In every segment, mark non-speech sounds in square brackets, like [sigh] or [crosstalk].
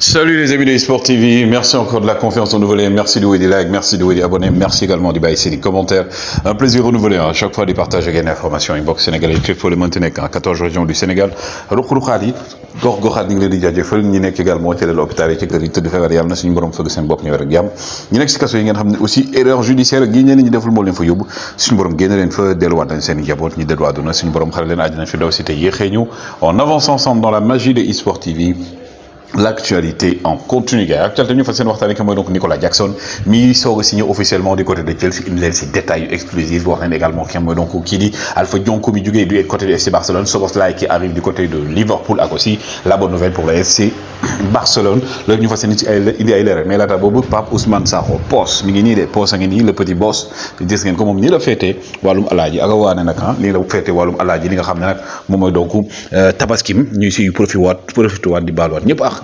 Salut les amis de Sport TV, merci encore de la confiance renouvelée, merci de vous et des likes, merci de vous et des abonnés, merci également du bail, des commentaires. Un plaisir renouvelé à chaque fois des partages et information, inbox Inbox Sénégal et Trifo le Quand 14 régions du Sénégal. Rukhrukhali, Gorgorad, Ningle Lidia Jeffel, Ninek également, Télé l'hôpital et Tchèque, Tête de février, Amnas, Nimborom Fogesen Bok, Niver Gam. Ninek Sikasso, Ingen Hamne aussi, erreur judiciaire, Guinée, Nidé Foul Molen Foyoub, Sinborom Guéneren Feu, Deloa dans Sen Yabot, Nidé Loa Dona, Sinborom Khalen Adjan Fidao, c'était Yéhénou. en avançant ensemble dans la magie des Sport TV l'actualité en continu gars actualité ñu fa seen waxtaanee que donc Nicolas Jackson mi soog a signé officiellement du côté de Chelsea une leen si détail yu exclusif wax également ki donc ki di Alpha Jonko mi jógee du côté de FC Barcelone Szoboszlai qui arrive du côté de Liverpool ak aussi la bonne nouvelle pour le FC Barcelone loolu ñu fa seen ci indi ay leeral mais laata bobu Pape Ousmane Sakho poste mi ngi nii de poos ngi le petit boss gis comme ko moom nii la féetee wàllum alaaji ak waa nak nag li ah, lii la féetee wàllum alaaji li nga xamné nak nag moy donc euh, tabaskim ñuy siy profité wat profité wat di baaluwaat ñëpp ak ah.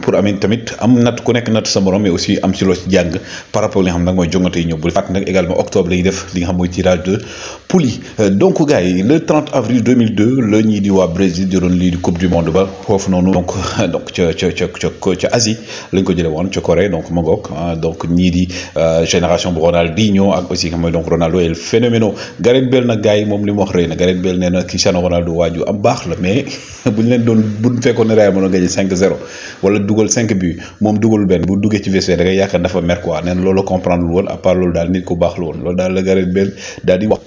pour amit tamit am nat ku nek nat sa morom mais aussi am ci ci jang par rapport li xam nak mooy jongante ñew bu fat nak également octobre lay def li nga xam tirage de pouli euh, donc gars le 30 avril 2002 le ñi di wa Brésil jëloon li di coupe du monde ba fof non. donc [laughs] donc ca ca ca ca ca Asie lañ ko jëlé Corée donc ma ah, donc ñi di euh, génération bu Ronaldinho ak aussi nga xam donc Ronaldo el phénomène. Gareth Bale nag gars yi moom li wax reyna Gareth Bale nee Cristiano Ronaldo waju am bax la mais [laughs] buñ leen doon buñ fekkone ne Real mën a 5-0 wala dugal cinq buts moom dugalul benn bu duggee ci vestiaire da ngay dafa mer nee na loolu comprendre woon à part daal nit ku baax la woon loolu daal la Gareth Bale daal di wax.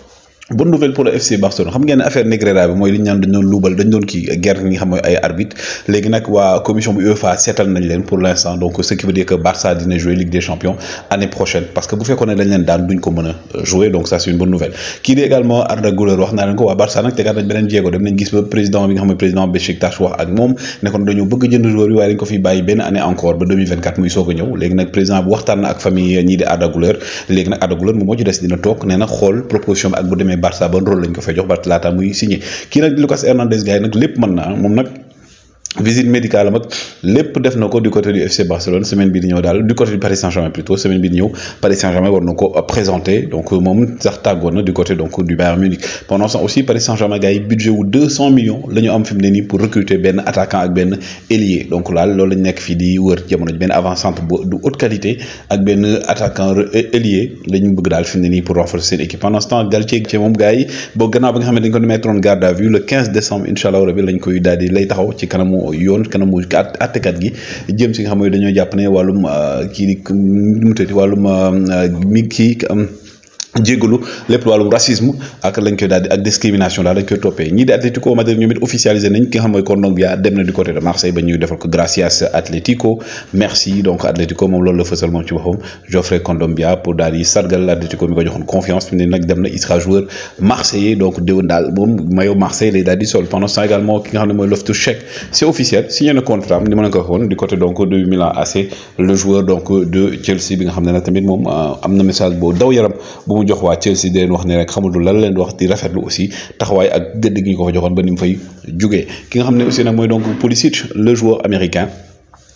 bonne nouvelle pour le FC Barcelone xam ngeen affaire Negreira bi moy li ñaan naan dañ doon luubal dañ doon ki guerre ni xam mooy ay arbitre légui nak wa commission bu UEFA sétal nañ leen pour l'instant. donc ce qui veut dire que Barça dina jouer Ligue des Champions année prochaine parce que bu fekkone ne dañ leen daan duñ ko mëna euh, jouer donc ça c'est une bonne nouvelle ki dé également Arda Güler wax naa leen ko wa Barça nag tegaat nañ benen jéego dem nañ gis ba président bi nga xam mooy président Besiktas wax ak mom né kon dañu bëgg jënd joueur bi waaye dañ ko fi bayyi benn année encore ba 2024 muy soga ñew légui nak président bi waxtaan ak famille ñi di Arda Güler léegi nag Arda Güler moom moo ci des dina tok né na xol proposition ak bu demee Barça ban rôle lañ ko fay jox ba laata muy signé kii nag Lucas Hernandez gars yi nag lépp mën na moom nag. visite médicale mak lepp def du côté du FC Barcelone semaine bi di du côté du Paris Saint-Germain plutôt semaine bi Paris Saint-Germain war nous euh, présenter donc euh, moment sax du côté donc du Bayern Munich pendant ce temps aussi Paris Saint-Germain a budget wu 200 millions lañu am pour recruter Ben attaquant ak ben ailier donc là loolu lañ nekk fi di wër ben avant-centre de haute qualité ak ben attaquant euh, ailier lañu bëgg dal fimné pour renforcer l'équipe équipe pendant ce temps Galtier ci moom gars yi boo gannaaw ba nga xamné dañ ko en garde à vue le 15 décembre inshallah on rabi lañ koy daal di lay taxaw ci kanamu yoon kanamu àttekat gi jëm si nga xam ne dañoo jàpp ne wàllum ah, kii di mu tëdd wàllum ah, mi kii. djeglu lepp wàllum racisme ak lañ koy daldi ak discrimination la lañ koy topé ñi di Atlético Madrid ñoom officialiser nañ ki nga xam mooy Kondogbia dem na du côté de Marseille ba ñuy defal ko gracias Atlético merci donc Atlético mom loolu la fësal mom ci boppam Geoffrey Kondogbia pour daldi sargal atletico mi ko joxone confiance fi nak dem na il sera joueur marseillais donc déwén dal mom mayo Marseille lay daal sol pendant ça également ki nga xam moy mooy chek c'est officiel signé na contrat am ni ma la ko waxoon du côté donc de Milan AC le joueur donc de Chelsea bi nga xam euh, na tamit mom amna message bo daw yaram Chelsea le joueur américain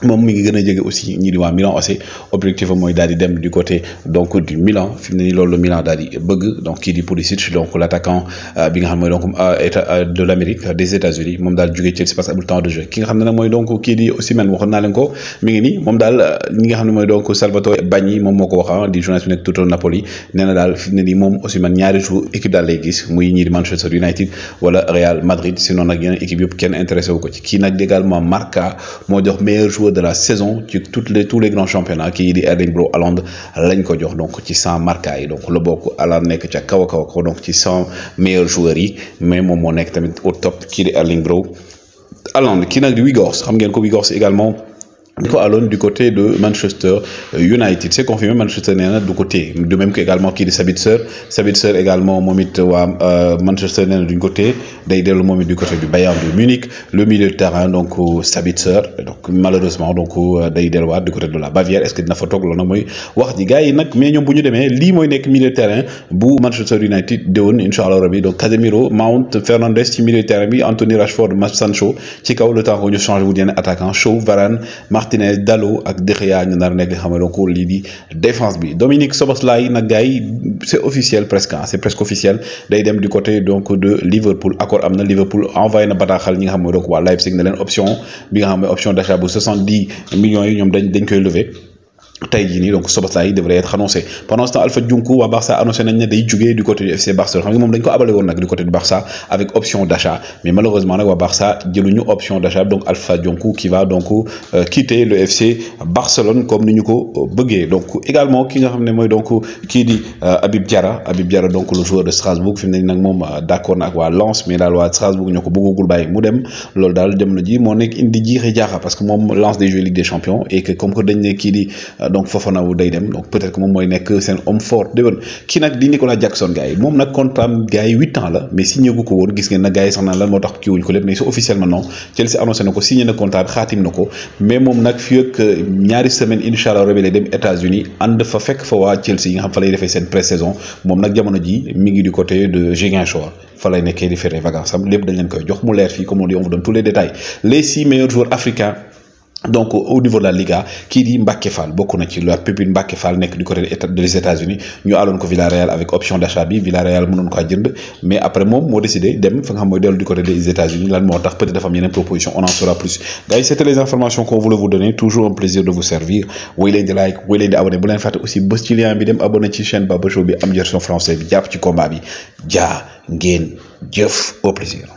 mom mi ngi gën aussi ñi di wa Milan aussi objectif am mooy daal di dem du côté donc du Milan fi mu loolu Milan daal di bëgg donc qui di Pulisic donc l'attaquant euh, bi nga xam moy donc euh, euh, de l'Amérique des États-Unis mom daal jógee Chelsea parce que le temps de jeu ki nga xam ne moy donc qui di Osimhen waxoon naa leen ko mi ngi nii moom daal ñi nga xam moy donc Salvatore Bagni mom moko ko wax ah, di journaliste bi nekk Napoli néna na daal fi mu ne nii ñaari jours équipe daal lay gis muy ñi di Manchester United wala Real Madrid sinon nag yeneen équipe yop kenn intéressé wu ko ci ki nak également Marca mo jox meilleur joueur joueur de la saison ci toutes les tous les grands championnats kii di Erling Bro Haaland lañ ko jox donc ci 100 marquages yi donc la bokk ala nek ci kaw a kaw donc ci 100 meilleurs joueurs yi mais mom mo nek tamit au top ci di Erling Bro Haaland kii nak di Weghorst xam ngeen ko Weghorst également. Nico Alone du côté de Manchester euh, United c'est confirmé Manchester United du côté de même que également kii di Sabitzer Sabitzer également Momit it euh, Manchester United du côté day Momit du côté du Bayern de Munich le milieu de terrain donc euh, Sabitzer donc malheureusement donc day du côté de la Bavière est-ce que dina fa toog loolu nag wax ji gars yi nag mais ñoom bu ñu demee lii mooy milieu de terrain bu Manchester United déwoon incha allah rabi donc Casemiro Mount Fernandes ci milieu de terrain Anthony Rashford Sancho ci kaw le temps qu'on change vous wu attaquant Shaw Varane. Martinez Dalot ak Dexia yaa ñu nar nekk nga xamalo di défense bi Dominique Soboslay nag gay c'est officiel presque hein, c'est presque officiel day dem du côté donc de Liverpool accord amna Liverpool envoyé na bataxal ñi nga xam ne donc Leipzig na len option bi nga option d'achat bu 70 millions yi ñoom dañ dañ koy lever tay jii nii donc devrait être annoncé pendant ce temps Alpha Nkunku à Barça annoncé nañ ne day jugee du côté du FC Barcelone xam nga moom dañ ko abale woon nag du côté du Barça avec option d'achat mais malheureusement nag wa Barça jëluñu option d'achat donc Alpha Nkunku qui va donc euh, quitter le FC Barcelone comme ni ñu ko euh, donc également ki nga xam ne mooy donc kii di euh, abib donc le joueur de Strasbourg fi mu ne nag d'accord na ak waa Lens mais daal waa Strasbourg ñoo ko bëggagul bàyyi mu dem loolu daal jamono ji moo nekk indi jaaxa parce que moom Lens des jeux Ligue des Champions et que comme que dañ ne kii di. Euh, donc Fofana wu day dem donc peut-être que mom moy nek un homme fort qui di Nicolas Jackson contrat ans la mais signé lan mais officiellement non Chelsea annoncé nako signé na contrat bi khatim nako mais mom nak ak euh, ñaari semaine lay dem États-Unis and fa fa Chelsea nga pré-saison jamono ji du côté de di vacances dañ jox comme on tous les détails les six meilleurs joueurs africains donc au niveau de la Liga qui dit Mbacke Fall bokk na ci la Pépin Mbacke Fall du côté des États-Unis ñu allons ko Villarreal avec option d'achat bi Villarreal mënoon ko jënd mais après mom mo décidé dem fa nga xam mooy du côté des États-Unis lan motax peut-être dafa am yeneen proposition on en saura plus gars c'était les informations qu'on voulait vous donner toujours un plaisir de vous servir woy leen like woy leen di abonné bu leen aussi bëss ci lien bi dem abonné ci chaîne Baba Show bi am version français bi jàpp ci combat bi ja ngeen jëf au plaisir